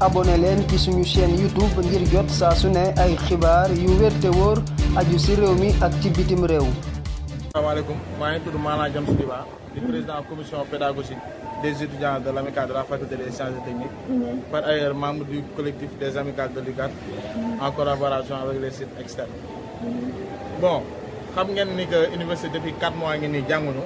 abonné leen ci suñu chaîne YouTube ngir jot saa su ne ay xibaar yu wér te wóor aju si réew mi ak ci bitim réew. asalaamaaleykum maa ngi tudd Maana James Diba di président commission pédagogique des étudiants de la faculté des sciences techniques. par ailleurs membre du collectif des amicales de l'UCAD en collaboration avec les sites externes. bon xam ngeen ni que université depuis mois ngi ni jànguñu.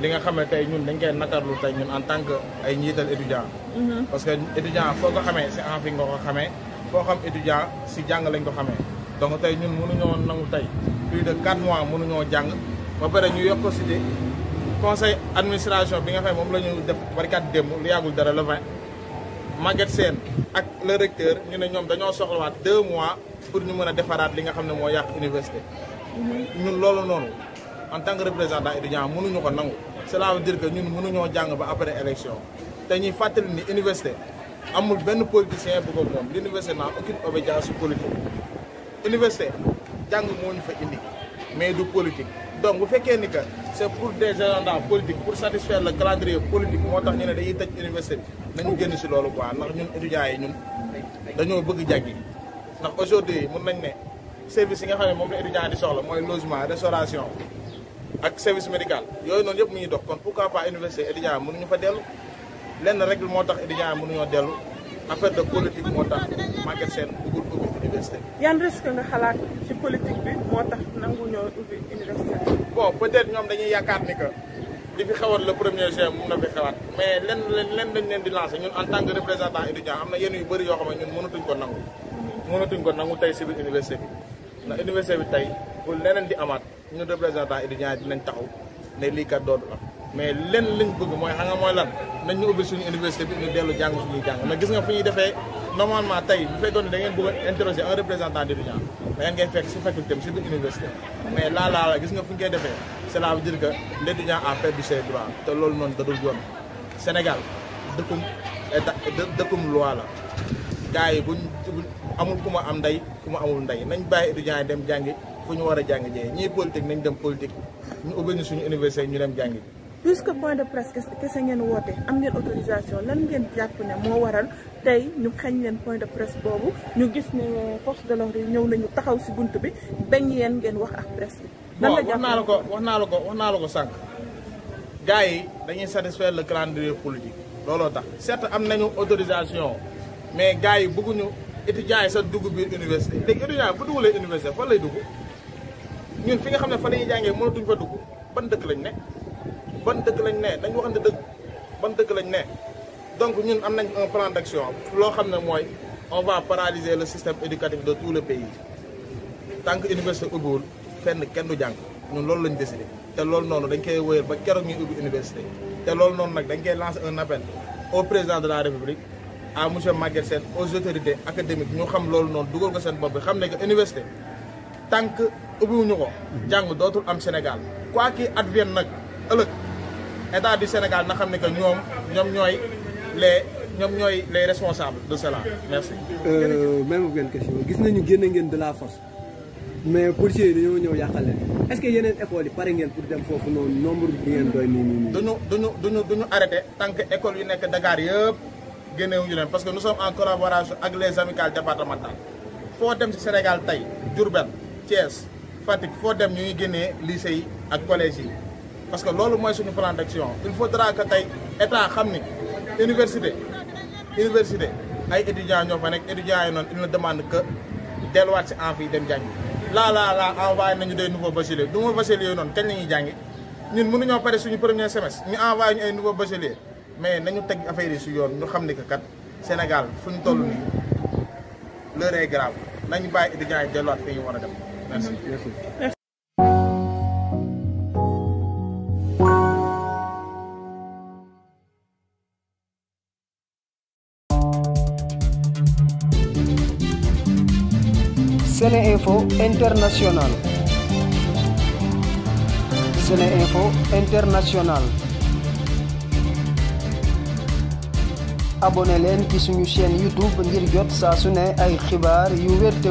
li nga xam ne tey ñun dañ koy nakarlu tey ñun en tant que ay njiital étudiant mhm. parce que étudiant foo ko xamee si en fi nga ko xamee foo xam étudiant si jàng lañ ko xamee donc tey ñun mënuñoo nangu tey plus de quatre mois mënuñoo jàng ba pare ñu yokk si conseil administration bi nga xam ne moom la ñu def barkat démb lu yàggul dara le vingt Maguette Sène ak le recteur ñu ne ñoom dañoo soxlawaat deux mois pour ñu mën a defaraat li nga xam ne moo yàq université mhm. ñun loolu noonu en tant que représentant étudiant mënuñu ko nangu cela veut dire que ñun mënuñoo jàng ba après élection te ñuy fàttali ni université amul benn politicien bu ko moom l'université n'a aucune obédience politique université jàng moo ñu fa indi mais du politique donc bu fekkee ni que c' est pour des agendas politiques pour satisfaire le moo tax ñu ne dañuy tëj université bi nañu génn si loolu quoi ndax ñun étudiants yi ñun dañoo bëgg jàngi ndax aujourd'hui mën nañ ne service yi nga xam ne moom la étudiant di soxla mooy logement restauration ak service médical yooyu noonu yëpp mu ngi dox kon pourquoi pas université étudiants yi mënuñu fa dellu lenn rek moo tax étudiants yi mënuñoo dellu affaire de politique moo tax Maguette Sène bëggul ubbi université. yan risque nga xalaat ci politique bi moo tax nanguñoo ubbi université bon peut ñoom dañuy yaakaar ni que li fi xewoon le premier juin mun na fi xewaat mais lenn lenn lañ leen di lancé ñun en tant que représentant étudiant am na yenn yu bëri yoo xam ne ñun ko nangu. Mhm. mënatuñ tey si biir université bi tey bu leneen di amaat. ñun représentant étudiants dinañ taxaw ne lii kat dootu am mais lenn liñ bëgg mooy xam nga mooy lan nañ ñu ubbi suñu université bi dellu jàng suñuy jàng mais gis nga fu ñuy defee normalement tey bu fekkoon ne da ngeen bëgg a interroger un représentant d'étudiant da ngeen fekk si faculté bi si biir université mais laa laa la gis nga fu ñu koy defee cela veut dire que l'étudiant a perdu ses droits te loolu noonu da dul yoon Sénégal dëkkum état dëkkum loi la gars yi buñ amul ku ma am ku ma amul ndey nañ bàyyi étudiants yi dem jàngi fu ñu war a jàng jee ñii politique nañ dem politique ñu ubbi ñu suñu université ñu dem jàng ji. puisque point de presse kese ngeen woote am ngeen autorisation lan ngeen jàpp ne moo waral tey ñu xañ leen point de presse boobu ñu gis ne force de l'ordre yi ñëw nañu taxaw si bunt bi bañ yeen ngeen wax ak presse bi. wax naa la ko wax naa la ko wax naa ko sànq. gars yi dañuy satisfaire le calendrier politique looloo tax certes am nañu autorisation mais gars yi bëgguñu étudiants yi sa dugg biir université léegi étudiants bu lay dugg. ñun fi nga xam ne fa lañuy jàngee mënatuñ fa dugg ban dëkk lañ ne ban dëkk lañ ne dañ waxante dëgg ban dëkk lañ ne donc ñun am nañ un plan d'action loo xam ne mooy on va paralyser le système éducatif de tout le pays tant que université ubbiwul fenn kenn du jàng ñun loolu lañ décidé te loolu noonu dañ koy wéyal ba keroog ñuy ubbi université te loolu noonu nag dañ koy lancer un appel au président de la république à monsieur Maguette seen aux autorités académiques ñu xam loolu noonu dugal ko seen bopp bi xam ne que université tant que ubbiwuñu ko jàng dootul am Sénégal quoi qu'il advienne nag ëllëg état du Sénégal na xam ne que ñoom ñoom ñooy les ñoom ñooy les responsables de cela merci. Euh, même benn question gis nañu génne ngeen de la force mais policiers yi dañoo ñëw yàqal leen est-ce que yeneen école yi pare ngeen pour dem foofu noonu nombre bi ngeen doy nii nii. duñu duñu ñu duñu ñu tant que école yu nekk Dakar yëpp génnewuñu leen parce que nous sommes en collaboration ak les amicales départementales foo dem si Sénégal tey Diourbel Thiès Fatick foo dem ñuy génnee lycée yi ak collège yi parce que loolu mooy suñu plan il faut faudra que tey état xam ni université université ay étudiants ñoo fa nekk étudiants yi noon il ne demande que delluwaat si en fii dem jàngi laa laa laa envoyé nañu des nouveaux bacheliers du ma bachelier yooyu noonu kañ la ñuy jàngi ñun mënuñoo pare suñu premier semestre ñu envoyé ñu ay nouveaux bacheliers mais nañu teg affaire yi si yoon ñu xam ni que kat Sénégal fu ñu toll nii nañu bàyyi étudiants yi delluwaat fi ñu war a dem Merci. Merci. International SeneInfo International suñu chaîne YouTube ngir jot saa su ne ay xibaar yu wér te